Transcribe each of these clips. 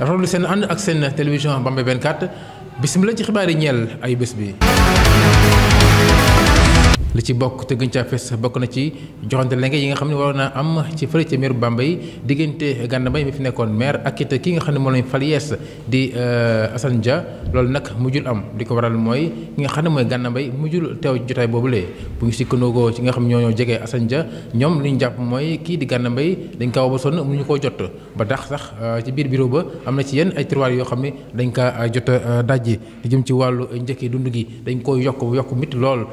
rafetlu seen ànd ak seen télévision Bambey 24 bisimilah ci xibaar yi ñeel ay bés bi. li ci bokk te gën caa fees bokk na ci joxante lenge yi nga xam ne waroon naa am ci fële ca meeru Bambey diggante Gana Mbaye fi nekkoon maire ak te ki nga xam ne moo lañ fal yees di euh, Assane ja loolu nag mujjul am di ko waral mooy ki nga xam ne mooy Gana Mbaye mujjul teew jotaay lee bu ñu sikkandoo ci nga xam ne ñoo ñoo jege Assane Dia ñoom li ñu jàpp mooy kii di Gana Mbaye dañ kaa ba sonn mu ñu koo jot ba tax sax euh, ci biir bureau ba am na ci yenn ay tiroir yoo xam ne dañ kaa euh, jot a dajji li jëm ci wàllu njëkkee dund gi dañ koy yokk yokk mit lool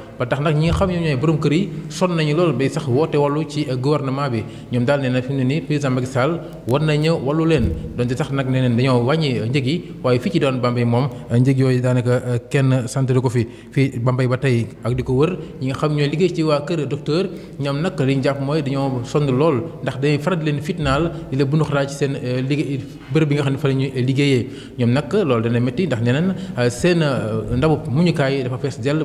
ñoom ñooy borom kër yi sonn nañu loolu bay sax woote wàllu ci gouvernement bi ñoom daal nee na fi mu ne nii président Macky Sall war na ñëw wàllu leen donte sax nag nee neen dañoo wàññi njëg yi waaye fii ci doon Bambey moom njëg yooyu daanaka euh, kenn sant ko fi fii Bambey ba tey ak di ko wër ñi nga xam ñooy liggéey ci waa kër docteur ñoom nag li ñu mooy dañoo sonn lool ndax dañuy faral di leen fitnaal di la bu xaraa ci seen euh, liggéey bërëb bi nga xam ne fa la liggéeyee ñoom nag loolu dana métti ndax nee neen euh, seen ndabu muñukaay dafa fees dell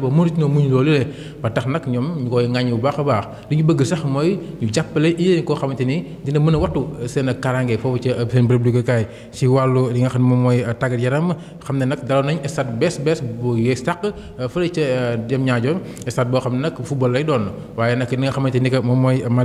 ak ñoom ñu koy ŋàññ bu baax a baax li ñu bëgg sax mooy ñu jàppale yéen koo xamante ni dina mën a wattu seen karange foofu ci seen bërëb liggéeykaay ci wàllu li nga bu yees tàq euh, euh, boo xam ne nag football lay doon waaye nag li nga xamante ni que moom mooy ma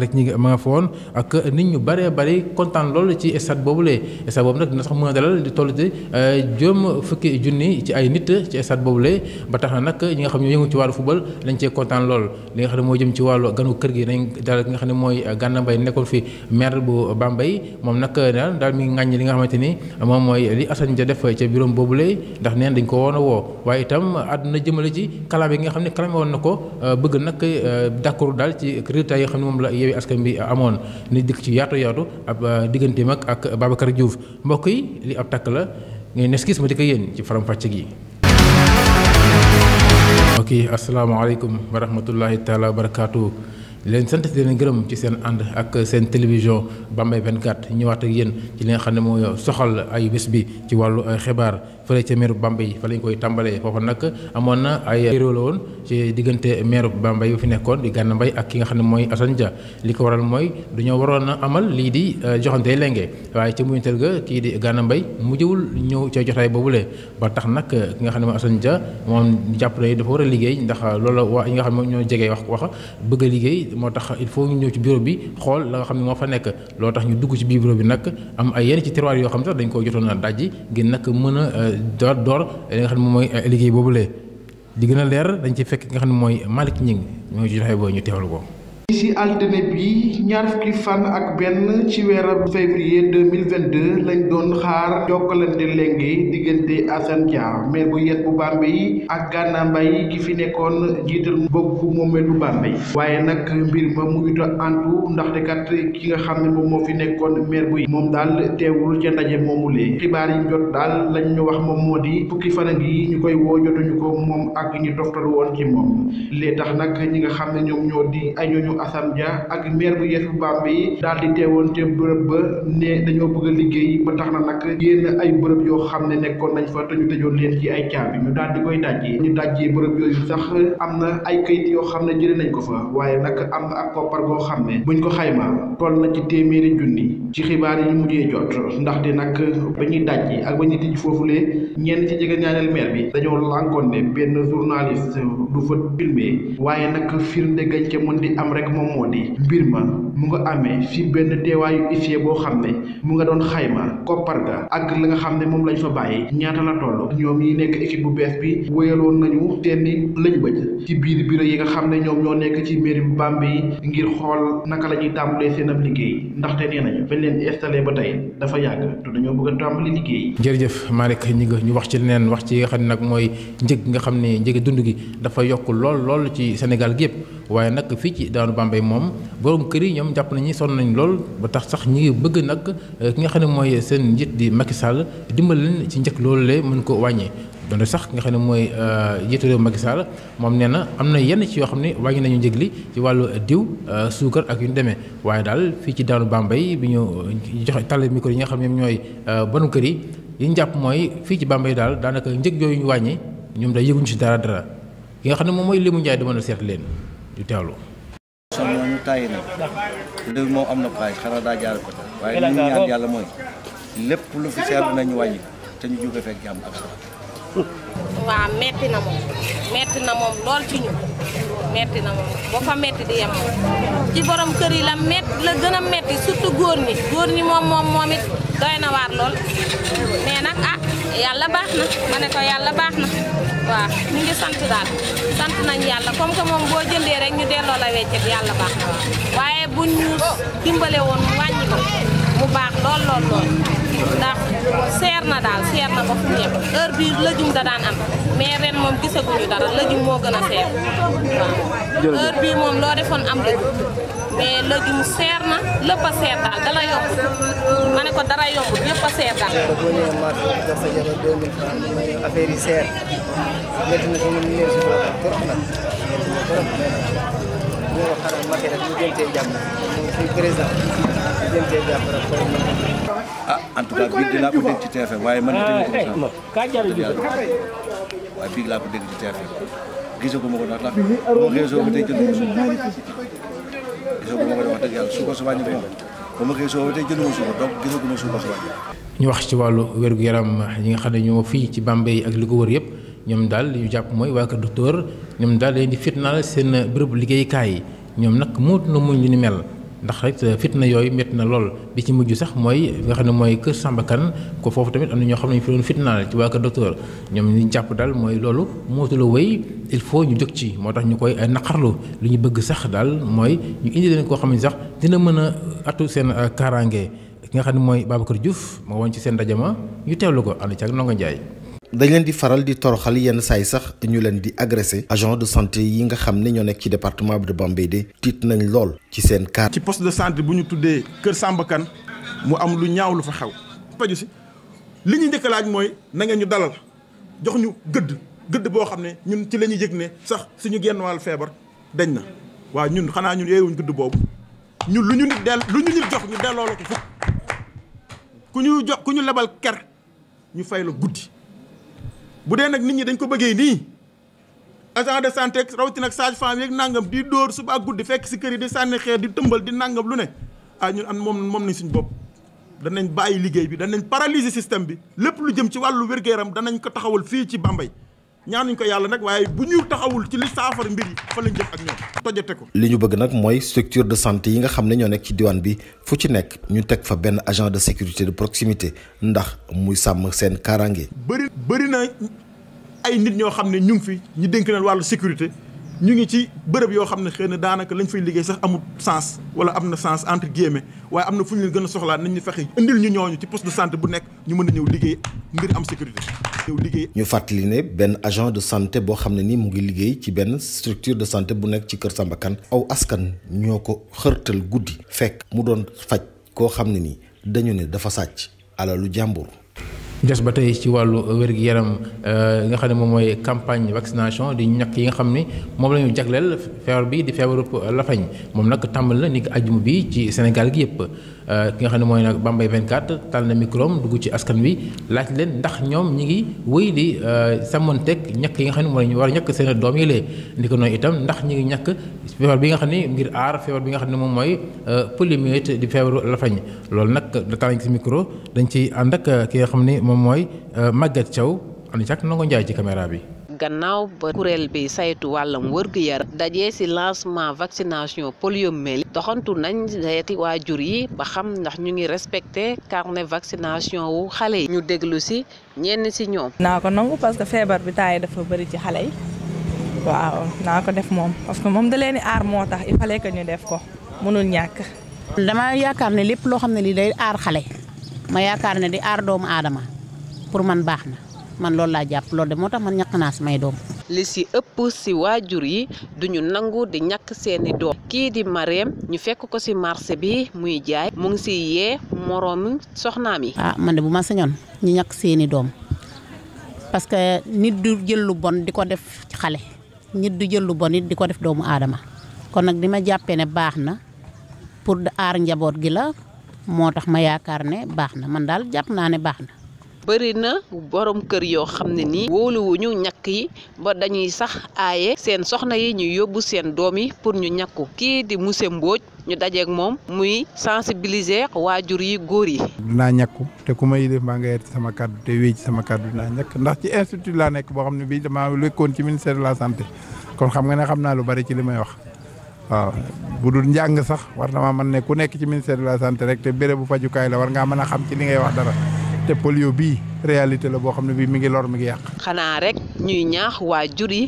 nga fa woon ak nit ñu bëree bëri kontaan loolu ci stade boobulee stade boobu nag dina sax mën a dalal di toll ci euh, juróom fukki junni ci ay nit ci stade boobulee ba tax na nag ñi nga xam ne yëngu ci wàllu football dañ cee kontaan loolu loolu li nga xam ne moo jëm ci wàllu ganu kër gi nañ daal nga xam ne mooy euh, Gana Mbaye nekkoon fi maire bu Bambey moom nag euh, daal daal mi ngi li nga xamante ni moom mooy li Assane Dia def ca bureau boobule ndax neen dañ ko woon a woo waaye itam àdduna jëmale ci kalaam yi nga xam ne kalaame woon na ko euh, bëgg nag d'accord dal ci résultats yi yoo xam ne moom la Yewwi Askan Wi amoon ni dikk ci yaatu yaatu ab digganteem ak Babacar Diouf mbokk yi li ab takk la ngay nes gis ma di ko yéen ci faram-fàcce gi mbokk yi asalaamaaleykum wa rahmatullahi taala wa barakaatu. leen sant di leen gërëm ci seen ànd ak seen télévision Bambey 24 ñëwaat ak yéen ci li xam ne mooy soxal ay bés bi ci wàllu ay xibaar fële ca meeru Bambey fa lañ koy tàmbalee foofu nag amoon na ay réew ci diggante meeru Bambey bu fi nekkoon di Gana Mbaye ak ki nga xam ne mooy Assane Dia li ko waral mooy dañoo waroon a amal lii di euh, joxante lengee waaye ci mujjantal ga kii di Gana Mbaye mujjewul ñëw ca jotaay boobule ba tax nag euh, ki nga xam ne mooy Assane ja moom jàpp na dafa war a liggéey ndax euh, loola waa ñi nga xam ne ñoo jege wax wax bëgg liggéey liggéey moo tax il faut ñu ñëw ci bureau bi xool la nga xam ne moo fa nekk loo tax ñu dugg ci biir bureau bi nag am ay yenn ci tiroir yoo xam sax dañ koo jotoon a dajji ngir nag mën a euh, door door li nga xam ne moom mooy euh, liggéey boobulee di gën a leer dañ ci fekk nga xam ne mooy Malick Ngingue ñoo ci joxe boo ñu teewal ko ci altine bi ñaar fukki fan ak benn ci weeru février 2022 lañ doon xaar jokkalante léegi diggante Assane Dia maire bu Yees bu Bambey ak Gana Mbaye gi fi nekkoon jiital bokk moomeelu Bambey waaye nag mbir ma mu yuta antu ndaxte kat ki nga xam ne moom moo fi nekkoon maire bu moom daal teewul ca ndaje moomulee xibaar yi jot daal lañ ñu wax moom moo di fukki fan ngi ñu koy woo jotuñu ko moom ak ñi toftal woon ci moom lee tax nag ñi nga xam ne ñoom ñoo bu Assane Dia ak maire bu yees bu Bambey daal di teewoon te bërëb ba ne dañoo bëgg liggéey ba tax na nag génn ay bërëb yoo xam ne nekkoon nañ fa te ñu tëjoon leen ci ay caabi ñu daal di koy dajjee ñu dajjee bërëb yooyu sax am na ay kayit yoo xam ne jëlee nañ ko fa waaye nag am na ak koppar goo xam ne buñ ko xaymaa toll na ci téeméeri junni ci xibaar yi mujjee jot ndaxte nag ba ñuy dajji ak ba ñuy tij foofulee ñenn ci jege ñaaneel maire bi dañoo lànkoon ne benn journaliste du fa filmé waaye nag firnde gañ ca di am rek rek moo di mbir ma mu nga amee fi benn teewaayu huissier boo xam ne mu nga doon xayma koppar ga ak la nga xam ne moom lañ fa bàyyi ñaata la toll ñoom ñi nekk équipe bu bees bi wéyaloon nañu seeni lañ bëj ci biir bureau yi nga xam ne ñoom ñoo nekk ci mairie bu Bambey ngir xool naka la ñuy tàmbalee seen ab liggéey ndaxte nee nañu bañ leen installé ba tey dafa yàgg te dañoo bëgg a tàmbali liggéey. jërëjëf Malick ñi nga ñu wax ci leneen wax ci nga xam ne nag mooy njëg nga xam ne njëgi dund gi dafa yokk lool lool ci Sénégal gi waaye nag fii ci daanu Bambey moom ñoom jàpp nañu sonn nañ lool ba tax sax ñi ngi bëgg nag euh, ki nga xam ne mooy seen njiit di Macky Sall dimbali leen ci njëkk loolu lee mën ko wàññee donte sax ki nga xam ne mooy euh, jiitu réew Macky Sall moom nee na am na yenn ci yoo xam ne wàññi nañu njëg li ci wàllu diw euh, suukar ak yu ñu demee waaye daal fii ci daanu Bambey bi ñu joxe tàll micro yi nga xam ne ñoom ñooy banu kër yi li jàpp mooy fii ci yi daal daanaka njëg yooyu ñu wàññi ñoom day yëguñu si dara dara ki nga xam ne moom mooy mu njaay di na seet leen di teewlu tàyyi na réew moom am na xaalis xanaa daa jaare ko tey waaye li ñu ñaan yàlla mooy lépp lu fi seetlu nañu wàññi te ñu jóge fekk jàmm ak salaam waaw metti na moom metti na moom lool ci ñu metti na moom boo fa metti di yem ci borom kër yi la mett la gën a metti surtout góor ñi góor ñi moom moom it doy na waar lool mais nag ah yàlla baax na ma ne ko yàlla baax na waaw ñu ngi sant daal sant nañ yàlla comme que moom boo jëndee rek ñu delloo la weccet yàlla baax na waaye bu ñu dimbale woon mu baax lool lool ndax seer na daal seer na ba fu ñëpp heure bii lëjum da daan am mais ren moom gisaguñu dara lëjum moo gën a seer waaw heure bii moom loo defoon am lëjum mais légume seer na lépp seer daal dala yomb ma ko dara yomb ñëpp seer daal. yi seer métti na ko waaye man itamit ma ka gisaguma ko wax dëgg yàlla suukar su wàññi moom ba ma xëy soo ba tey jënduma suukar donc gisaguma suukar su ñu wax ci wàllu wér-gu-yaram ñi nga xam ne ñoo fii ci Bambey ak li ko wër yëpp ñoom daal li ñu jàpp mooy waa kër docteur ñoom daal leen di fitnaal seen bërëb liggéeykaay yi ñoom nag muut na muñ lu ni mel ndax rek euh, fitna yooyu métti na lool bi ci mujj sax mooy nga xam ne mooy kër Samba Kane ko foofu tamit am na ñoo xam ne ñu fi doon fitnaal ci waa kër docteur ñoom ñu jàpp daal mooy loolu mootu la woy il faut ñu jóg ci moo tax ñu koy euh, naqarlu lu ñu bëgg sax daal mooy ñu indi leen koo xam ne sax dina mën a atu seen euh, kaaraange ki nga xam ne mooy Babacar Diouf moo woon ci seen ndaje ma ñu teewlu ko ànd ci ak Ndongo Ndiaye dañ leen di faral di toroxal yenn saay sax ñu leen di agressé agent de santé yi nga xam ne ñoo nekk ci département de Bambey de tiit nañu lool ci seen kaar ci poste de santé bu ñu tuddee Kër Samba Kane mu am lu ñaaw lu fa xew paju si li ñu njëkk laaj mooy na ngeen ñu dalal jox ñu gëdd gëdd boo xam ne ñun ci la ñuy yëg ne sax suñu genn wàll feebar dañ na waa ñun xanaa ñun yeewuñ gëdd boobu ñun lu ñu nit dell lu ñu nit jox ñu delloo la ko fukk ku ñu jox ku lebal ker ñu fay la guddi bu dee nag nit ñi dañ ko bëggee nii agent de santé rawatina ak sage-femme yeeg nangam di dóor suba ak guddi fekk si kër yi di sànni xeer di tëmbal di nangam lu ne ah ñun am moom moom nañ suñ bopp. danañ bàyyi liggéey bi danañ paralyser système bi lépp lu jëm ci wàllu wér yaram danañ ko taxawal fii ci Bambey. ñaanuñ ko yàlla nag waaye bu ñu taxawul ci li saafara mbir yi fa lañ jëm ak ñoom tojate ko. li ñu bëgg nag mooy structure de santé yi nga xam ne ñoo nekk ci diwaan bi fu ci nekk ñu teg fa benn agent de sécurité de proximité ndax muy sàmm seen kaaraange. bëri bëri na ay nit ñoo xam ne ñu ngi fi ñu dénk leen wàllu sécurité. ñu ngi ci bërëb yoo xam ne xëy na daanaka lañ fay liggéey sax amut sens wala am na sens entre guillemets waaye am na fu ñu leen gën a soxlaa nañ ñu fexe indil ñu ñooñu ci poste de santé bu nekk ñu mën a ñëw liggéey ngir am sécurité. ñëw liggéey. ñu fàttali ne benn agent de santé boo xam ne ni mu ngi liggéey ci benn structure de santé bu nekk ci Kër Samba Kane aw askan ñoo ko xërtal guddi. fekk mu doon faj koo xam ne nii dañu ne dafa sàcc alalu jàmbur. des ba tey ci wàllu wér-gu-yaram euh, nga xam ne moom mooy campagne vaccination di ñàkk yi nga xam ne moom la ñu jagleel feebar bi di feebaru lafañ moom nag tàmbal na ni ki ajjuma bi ci Sénégal gi yëpp euh, ki nga xam ne mooy nag Bambey 24 tal na microm dugg ci askan wi laaj leen ndax ñoom ñi ngi wéy di euh, sàmmanteeg ñàkk yi nga xam ne mooy ñu war a ñàkk seen doom yi lee ni ko noonu itam ndax ngi ñàkk feebar bi nga xam ne ngir aar feebar bi nga xam ne moom mooy poliomyélite di feebaru lafañ loolu nag da tal ci micro dañ ci ànd ak ki nga xam ne moom mooy euh, Maguette Thiaw ànd ci ak Ndongo ci caméra bi. gannaaw ba kuréel bi saytu wàllam wërgu yaram dajee ci lancement vaccination poliomyélite doxantu nañ seeti waajur yi ba xam ndax ñu ngi respecté carnet vaccination wu xale yi. ñu déglu ci ñenn ci ñoom. naa ko nangu parce que feebar bi taay dafa bari ci xale yi waaw naa ko def moom parce que moom da leen aar moo tax il fallait ñu def ko mënul ñàkk. dama yaakaar ne lépp loo xam ne lii day aar xale ma yaakaar ne di aar doomu aadama. pour man baax na man loolu laa jàpp loolu de moo tax man ñàkk naa samay doom. li si ëpp si waajur yi duñu nangu di ñàkk seeni doom kii di Marème ñu fekk ko si marché bi muy jaay mu ngi si yee moroomi soxnaam yi. ah man de bu ma sañoon ñu ñàkk seeni doom parce que nit du jël bon di ko def ci xale nit du jël lu bon it di ko def doomu aadama kon nag di ma jàppee ne baax na pour aar njaboot gi la moo tax ma yaakaar ne baax na man daal jàpp naa ne baax na. bëri na borom kër yoo xam ne nii wóoluwuñu ñàkk yi ba dañuy sax aaye seen soxna yi ñu yóbbu seen doom yi pour ñu ñàkku kii di monsieur Mbodj ñu dajeek moom muy sensibiliser waajur yi góor yi. dinaa ñàkku te ku ma def maa ngi sama kàddu te ci sama kàddu dinaa ñàkk ndax ci institut laa nekk boo xam ne bii damaa lekkoon ci ministère de la santé kon xam nga ne xam naa lu bari ci li may wax. waaw bu dul njàng sax war na mën ne ku nekk ci ministère de la santé rek te bérébu fajukaay la war ngaa mën a xam ci li ngay wax dara. te polio bii réalité la boo xam ne bii mi ngi lor mi ngi yàq. xanaa rek ñuy ñaax waa jur yi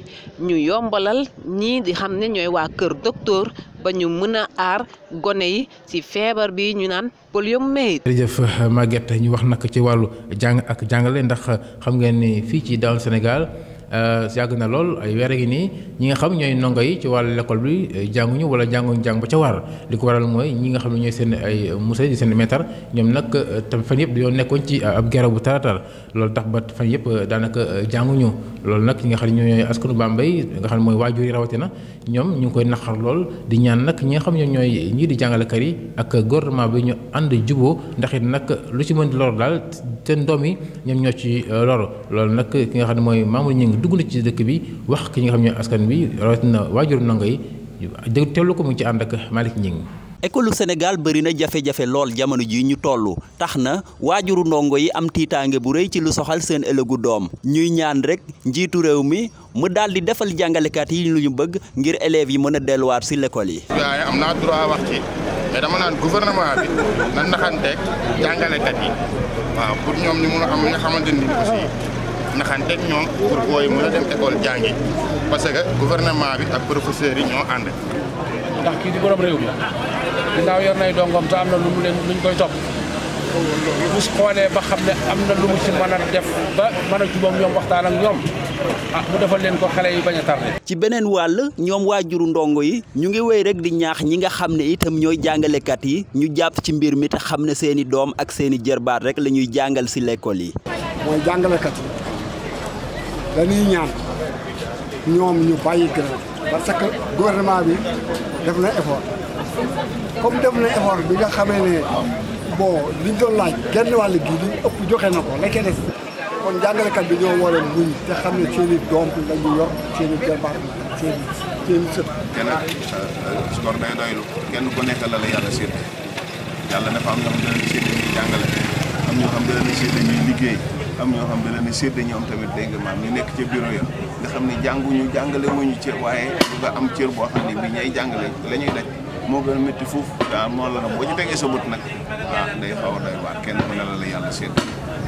ñu yombalal ñii di xam ne ñooy waa kër docteur ba ñu mën a aar gone yi ci feebar bi ñu naan poliomyélite. jërëjëf Maguette ñu wax nag ci wàllu jàng ak jàngale ndax xam ngeen ni fii ci daal Sénégal. Euh, yàgg na lool ay weer a yi nii ñi nga xam ñooy ndongo yi ci wàllu lekkool bi euh, jànguñu wala jànguñu jàng ba ca waar li ko waral mooy ñi nga xam ne ñooy seen ay musa di seen maître ñoom nag euh, tam fan yëpp dañoo nekkoon ci ab gera bu taratar loolu tax ba fan yëpp daanaka jànguñu loolu nag ñi nga xam ne ñooy askanu Bambey nga xam ne mooy waajur yi rawatina ñoom ñu ngi koy naqar lool di ñaan nag ñi nga xam ne ñooy ñii di jàngalekat yi ak gouvernement bi ñu ànd juboo ndax it nag lu ci mën di lor daal seen doom yi ñoom ñoo ci lor loolu nag ki nga xam ne mooy Mamour Gningue dugg na ci dëkk bi wax ki nga xam ne askan bi rawatina waajuru ndongo yi dégg ko mu ci ànd ak Malick Ngingue. école Sénégal bëri na jafe-jafe lool jamono ji ñu toll tax na waajuru ndongo yi am tiitaange bu rëy ci lu soxal seen ëllëgu doom ñuy ñaan rekk njiitu réew mi mu daal di defal jàngalekat yi lu ñu bëgg ngir élèves yi mën a delluwaat si l'école yi. waaye am naa droit wax ci mais dama naan gouvernement bi na naxanteeg jàngalekat yi waaw pour ñoom ni naxanteeg ñoom pour booy mën dem école jàngi parce que gouvernement bi ak professeurs yi ñoo ànd. ndax kii di borom réew mi ginnaaw yor nay dongom te am na lu mu leen luñ koy topp bu xoolee ba xam ne am na lu mu ci mën a def ba mën a jubóom ñoom waxtaan ñoom ah mu defal leen ko xale yi bañ a tardé ci beneen wàll ñoom waajuru ndongo yi ñu ngi wéy rek di ñaax ñi nga xam ne itam ñooy jàngalekat yi ñu jàpp ci mbir mi te xam ne seeni doom ak seeni i jërbaat rek la jàngal si l'école yi dañuy ñaan ñoom ñu bàyyi grève parce que gouvernement bi def na effort comme def na effort bi nga xamee ne bon liñ doon laaj genn wàll gi liñ ëpp joxe na ko la ca des kon jàngalekat bi ñoo war muñ te xam ne seen i doom la ñu yor seen i jabar seen i seen i sët. Euh, day doylu kenn ku nekk la la yàlla sédd yàlla dafa am ñoo xam ne dañuy sédd ñuy jàngale am ñoo xam ne dañuy sédd liggéey. ñoom tamit dégg nga jàngale wuñu am cër boo ah, ah,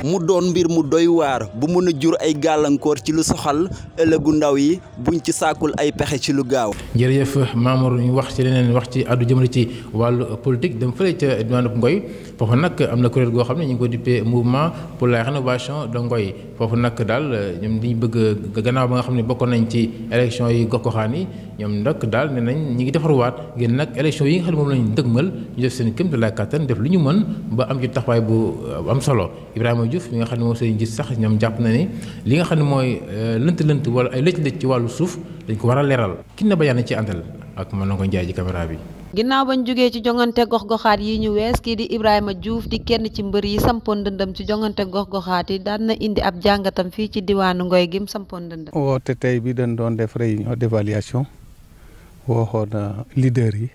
mu doon mbir mu doy waar bu mën a jur ay gàllankoor ci lu soxal ëllëgu ndaw yi buñ ci saakul ay pexe ci lu gaaw. jërëjëf Mamour ñu wax ci leneen wax ci àddu jëmale ci wàllu politique dem fële ca diwaanu Ngoy foofu nag am na kuréel goo xam ne ñu ngi ko dippee mouvement pour la rénovation de Ngoy foofu nag daal ñoom ñu bëgg gannaaw ba nga xam ne bokkoon nañ ci élection yi gox-goxaan yi ñoom nag daal ne nañ ñi ngi defarwaat ngir nag élection yi nga xam ne moom seen kéem la kattan def lu ñu mën ba am ci taxawaay bu am solo Ibrahima Diouf mi nga xam ne moom seen sax ñoom jàpp na ni li nga xam ne mooy euh, lënt-lënt wala ay lëj-lëj ci wàllu suuf dañ ko war a leeral ki ne kin na ci àndal ak mën na ko njaay ji caméra bi ginnaaw bañ jógee ci jongante gox-goxaat yi ñu wees kii di Ibrahima Diouf di kenn ci mbër yi sampoon dëndam ci jongante gox-goxaat yi daan na indi ab jàngatam fii ci diwaanu Ngoy gim sampoon dëndam. woote tey bi dañ doon def réunion d'évaluation waxoon leader yi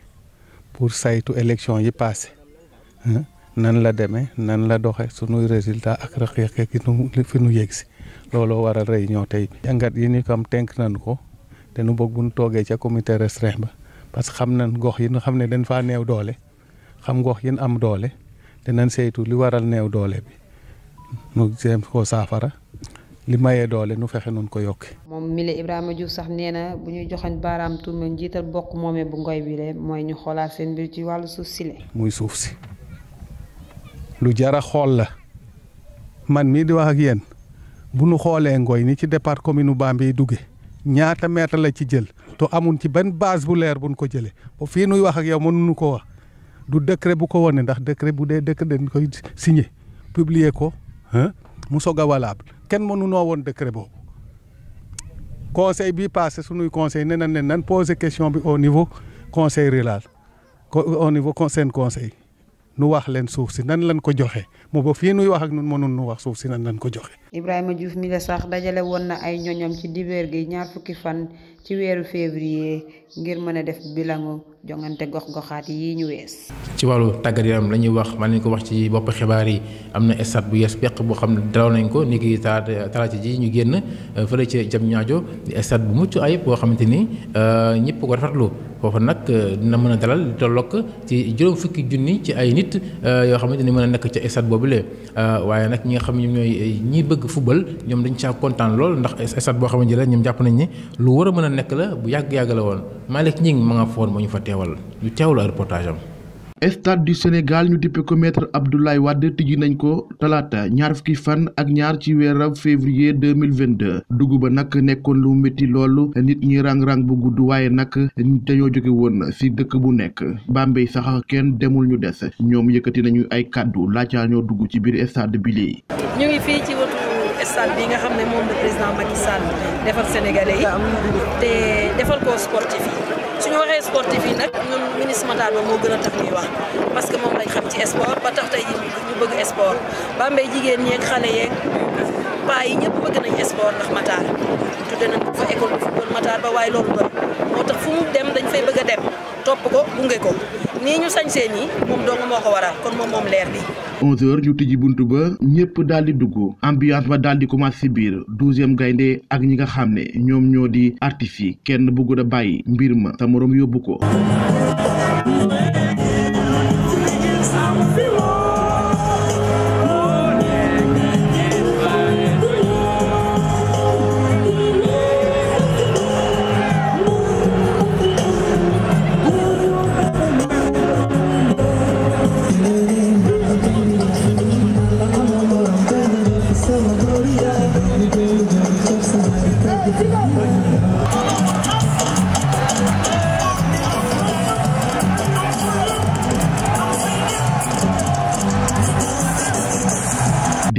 pour saytu élection yi passé nan la demee nan la doxe sunuy résultat ak rëq-rëq ki nu fi nu yegg si looloo waral réunion tey bi. jàngat yi ni kam tënk nañu ko te nu bëgg bu ñu toogee ca comité ba. parce que xam nañ gox yi nga xam ne dañ faa neew doole xam gox yi am doole danañ saytu li waral neew doole bi nu jéem koo saafara li mayee doole nu fexe noonu ko yokki moom mi Ibrahima Diouf sax nee bu ñuy joxoñ baaraam tuuma njiital bokk moomee bu ngoy bi le mooy ñu xoolaat seen mbir ci wàllu suuf si le muy suuf si lu jara xool la man mii di wax ak yéen bu nu xoolee ngoy ni ci depart commune u Bambey dugge ñaata mètre la ci jël to amul ci benn base bu leer buñ ko jëlee ba fii nuy wax ak yow mënuñu ko wax du décret bu ko wane ndax décret bu dee décret dañ koy signé publier ko mu soog a valable kenn mënunoo woon décret boobu conseil bi passé sunuy conseil nee na ne nan poser question bi au niveau conseil rural au niveau seen conseil nu wax leen suuf si nan lañ ko joxe moo ba fii nuy wax ak nun mënun nu wax suuf si nan lañ ko joxe Ibrahima Diouf mi la sax dajale woon na ay ñoñom ci dibeer gi ñaar fukki fan ci weeru février ngir mën a def bilangu jongante gox-goxaat yi ñu wees ci wàllu tàggat yaram la ñuy wax ma nañ ko wax ci bopp xibaar yi am na stade bu yees peq boo xam ne dalaw nañ ko ni ki talaata ji ñu génn euh, fële ca jam ñaajo di stade bu mucc ayib boo xamante ni euh, ñëpp ko rafetlu foofu nag euh, dina mën a dalal a boobu euh, waaye nag ñi nga xam ne ñoom ñooy euh, ñii bëgg fubal ñoom dañ caa kontaan lool ndax stade boo xamante ne ñoom jàpp nañ lu war a mën a nekk la bu yàgg-yàgg la woon Malick Gningue ma nga foon moo ñu fa teewal ñu teew reportage am stade du Sénégal ñu dippe ko maître Abdoulaye Wade tijji nañ ko talaata ñaar fukki fan ak ñaar ci weeram février 2022 dugg ba nag nekkoon lu métti loolu nit ñi rang-rang bu gudd waaye nag dañoo jóge woon ci dëkk bu nekk Bambey sax kenn demul ñu des ñoom yëkkati nañu ay kàddu laajaa ñoo dugg ci biir stade bi lii ñu ngi fii ci watu stade bi nga xam ne moom la président Macky defal sénégalais yi. te defal ko sportif suñu waxee sportif yi nag ñun ministre Matar Ba moo gën a tax ñuy wax parce que moom lañ xam ci sport ba tax tey ñu bëgg sport Bambey jigéen ñeeg xale yeeg paa yi ñëpp bëgg nañ sport ndax Matar tudde nañ ko fa école de football Matar Ba waaye loolu bëri moo tax fu mu dem dañ fay bëgg a dem topp ko gunge ko nii ñu sañ seen yi moom dong moo ko waral kon moom moom leer bi 11 ñu tijji buntu ba ñëpp daal di dugg ambiance ma daal di commencé si biir douzième gaynde ak ñi nga xam ne ñoom ñoo di artistes kenn buggu da bàyyi mbir ma sa moroom yóbbu ko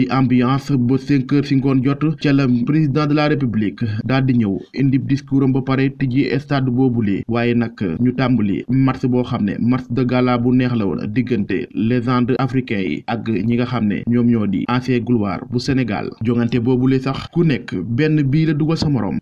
di ambiance ba cinq heures si ngoon jot ca la président de la république daal di ñëw indi discours ba pare tijji boobu boobule waaye nag ñu tàmbali match boo xam ne match de gala bu neex la woon diggante légende africain yi ak ñi nga xam ne ñoom ñoo di ancien gloire bu Sénégal jongante boobule sax ku nekk benn bii la dugal sa morom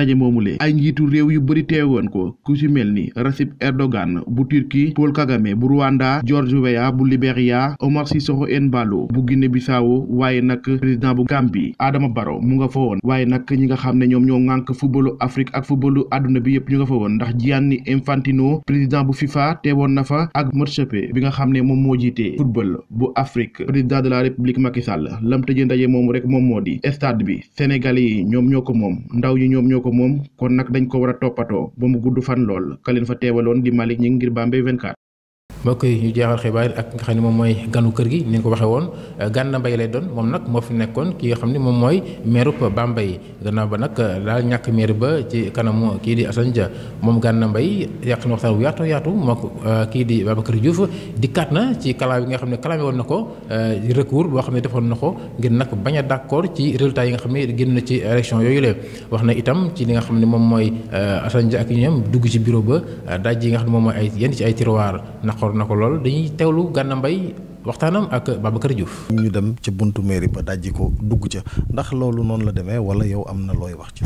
ndaje moomulee ay njiitu réew yu bëri teewoon ko ku ci mel ni Recep Erdogan bu Turquie Paul Kagame bu Rwanda George Weah bu Libéria Omar Sissoko Embalo bu Guinée Bissau waaye nag président bu Gambie Adama Barrow mu nga fa woon waaye nag ñi nga xam ne ñoom ñoo ŋànk footballu Afrique ak footballu àdduna bi yëpp ñu nga fa woon ndax Gianni Infantino président bu FIFA teewoon na fa ak Motsepe bi nga xam ne moom moo jiitee football bu Afrique président de la République Macky Sall lam tëjee ndaje moom moo di bi sénégalais yi moom kon nag dañ ko war a toppatoo ba mu gudd fan lool ka leen fa teewaloon di Malick Gningue ngir Bambey 24 mbokk yi ñu jeexal xibaar ak nga xam ne moom mooy ganu kër gi ni ko waxee woon Gana Mbaye lay doon moom nag moo fi nekkoon ki nga xam ne moom mooy meeru Bambey gannaaw ba nag daal ñàkk meer ba ci kanamu kii di Assane Dia moom Gana Mbaye yàq na waxtaan bu yaatu yaatu moo euh, kii di Babacar Diouf dikkaat na ci kalaa bi nga xam ne kalaame woon na ko euh, recours boo xam ne defoon na ko ngir nag bañ a d'accord ci résultat yi nga xam ne génn na ci élection yooyu la wax na itam ci li nga xam ne moom mooy euh, Assane Dia ak ñoom dugg ci bureau ba daj yi nga xam ne moom mooy ay yenn ci ay tiroir naqar ñor na ko loolu dañuy teewlu Gana Mbaye waxtaanam ak Babacar Diouf. ñu dem ca buntu mairie ba dajji ko dugg ca ndax loolu noonu la demee wala yow am na looy wax ci.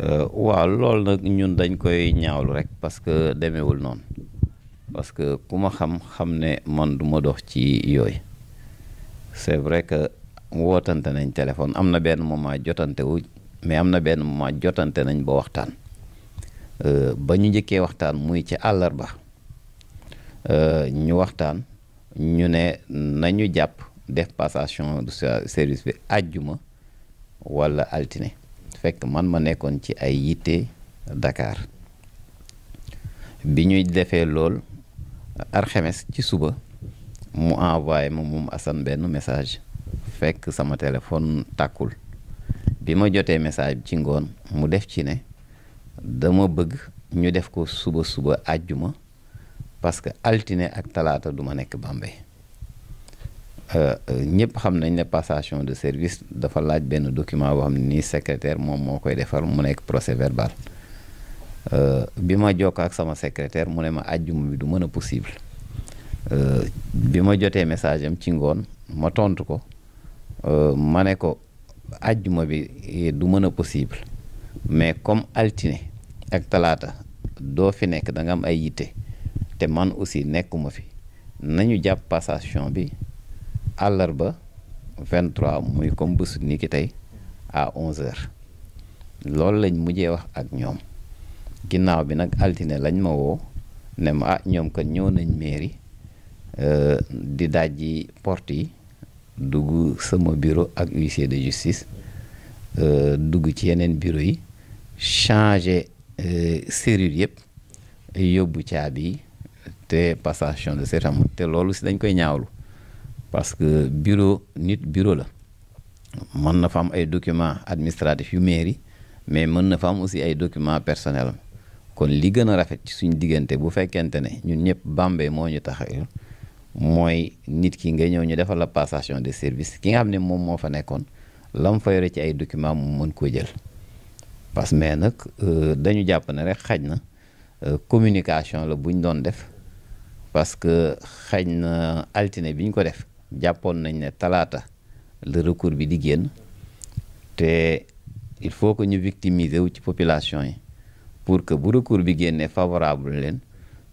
Euh, waaw loolu nag ñun dañ koy ñaawlu rek parce que demeewul noonu parce que ku ma xam xam ne man duma dox ci yooyu c'est vrai que wootante nañ téléphone am na benn moment jotante wu mais am na benn moment jotante nañ ba waxtaan euh, ba ñu njëkkee waxtaan muy ci àllarba. Euh, ñu waxtaan ñu ne nañu jàpp def passation de service bi àjjuma wala altine fekk man ma nekkoon ci ay yitte Dakar bi ñuy defee lool arxemes ci suba mu envoyé ma moom Assane benn message fekk sama téléphone takkul bi ma jotee message ci ngoon mu def ci ne dama bëgg ñu def ko suba suba àjjuma parce que altine ak talaata du ma nekk Bambey euh, euh, ñëpp xam nañ ne passation de service dafa laaj benn document boo xam ne nii secrétaire moom moo koy defar mu nekk procès verbal euh, bi ma jokk ak sama secrétaire mu ne ma àjjuma bi du mën a possible bi ma jotee message am ci ngoon ma tontu ko ma ne ko àjjuma bi eh, du mën a possible mais comme altine ak talaata doo fi nekk da am ay yitte. te man aussi nekkuma fi nañu jàpp passation bi àllarba 23 muy comme bésu ni tey à 11h loolu lañ mujjee wax ak ñoom ginnaaw bi nag altine lañ ma woo ne ma ah, ñoom kat ñëw nañ mairie euh, di dajji port yi dugg sama bureau ak huissier de justice euh, dugg ci yeneen bureau yi changer euh, serrure yëpp yóbbu caabi yi te passation de serment te loolu si dañ koy ñaawlu parce que bureau nit bureau la mën na fa ay documents administratifs yu mairie mais mën na fa am aussi ay documents personnels kon li gën a rafet ci suñ diggante bu fekkente ne ñun ñëpp Bambey moo ñu tax mooy nit ki nga ñëw ñu defal la passation de service ki nga xam ne moom moo fa nekkoon la mu fa yore ci ay documents mu mën koo jël parce que mais nag euh, dañu jàpp ne rek xaj na euh, communication la buñ doon def. parce que xëy na altine bi ñu ko def jàppoon nañ ne talaata le recours bi di génn te il faut que ñu victimiser wu ci population yi pour que bu recours bi génnee favorable leen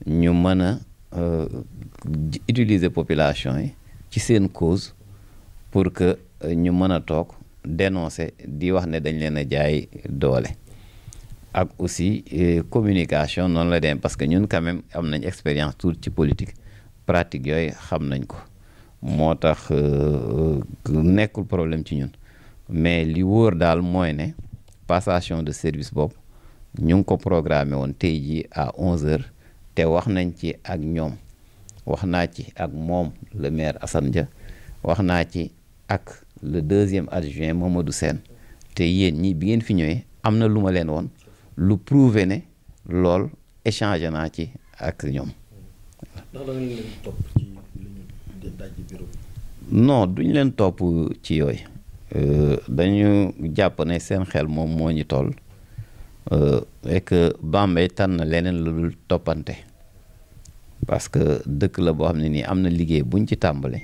ñu mën a euh, utiliser population yi ci seen cause pour que ñu mën a toog dénoncer di wax ne dañ leen a jaay doole ak aussi euh, communication noonu la dem parce que ñun quand même am nañ expérience tuuti ci politique pratique yooyu xam nañ ko moo tax euh, nekkul problème ci ñun mais li wóor daal mooy ne passation de service boobu ñu ngi ko programmé woon tey jii à onze heures te wax nañ ci ak ñoom wax naa ci ak moom le maire Assane Dia wax naa ci ak le deuxième adjoint du Sène te yéen ñi bi ngeen fi ñëwee am na lu ma leen woon lu prouve ne lool échanger naa ci ak ñoom. ndax da leen topp ci li ñu daj leen topp ci yooyu. Euh, dañu jàpp ne seen xel moom moo ñu toll euh, et que Bambey tànn leneen lu dul toppante parce que dëkk la boo xam ne nii am na liggéey buñ ci tàmbali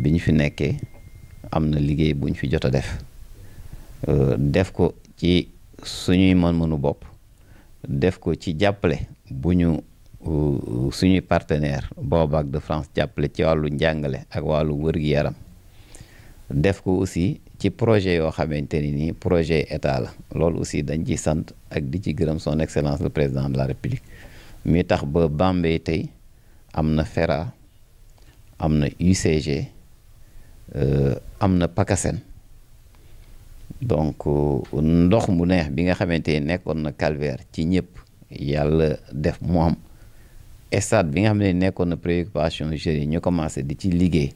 bi ñu fi nekkee am na liggéey buñ fi jot a def euh, def ko ci suñuy man mënu bopp def ko ci jàppale bu ñu suñuy partenaire Baobab de France jàppale ci wàllu njàngale ak wàllu wër yaram def ko aussi ci projet yoo xamante ni nii projet état la loolu aussi dañ ci sant ak di ci gërëm son excellence le président de la république mi tax ba Bambey tey am na FERA am na UCG euh, am na PACASEN donc ndox mu neex bi nga xamante ne nekkoon na calvaire ci ñëpp yàlla def mu am stade bi nga xam ne nekkoon na préoccupation jeunes yi ñu commencé di ci liggéey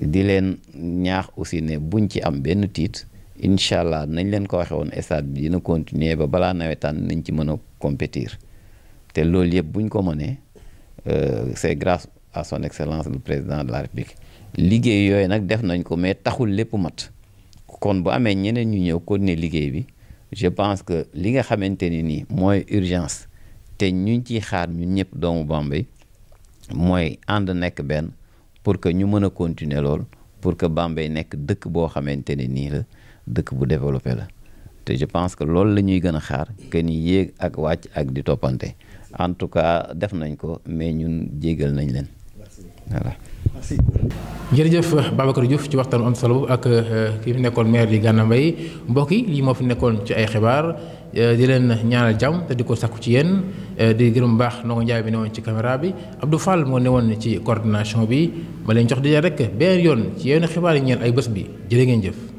di leen ñaax aussi ne buñ ci am benn tiit incha allah nañ leen ko waxee woon stade bi dina continuer ba balaa nawetaan nañ ci mën a compétir te loolu yëpp buñ ko mënee euh, c'est grâce à son excellence le président de la république liggéey yooyu nag def nañ ko mais taxul lépp mat. kon bu amee ñeneen ñu ñëw continuer liggéey bi je pense que li nga xamante ni nii mooy urgence te ñu ciy xaar ñun ñëpp doomu Bambey mooy ànd nekk benn pour que ñu mën a continuer lool pour que Bambey nekk dëkk boo xamante ne nii la dëkk bu développé la te je pense que loolu la ñuy gën a xaar que ni yéeg ak wàcc ak di toppante en tout cas def nañ ko mais ñun jégal nañ leen merci. jërëjëf Babacar Diouf ci waxtaan am solo ak euh, ki fi nekkoon maire di gànnaamay Mbaye mbokk yi lii moo fi nekkoon ci ay xibaar euh, di leen ñaanal jàmm te di ko sakku ci yéen euh, di gërëm baax Ndongo Ndiaye bi newoon ci caméra bi Abdou Fall moo newoon ci cordination bi ma leen jox di rek benn yoon ci yenn xibaar yi ñeen ay bés bi jërë ngeen jëf.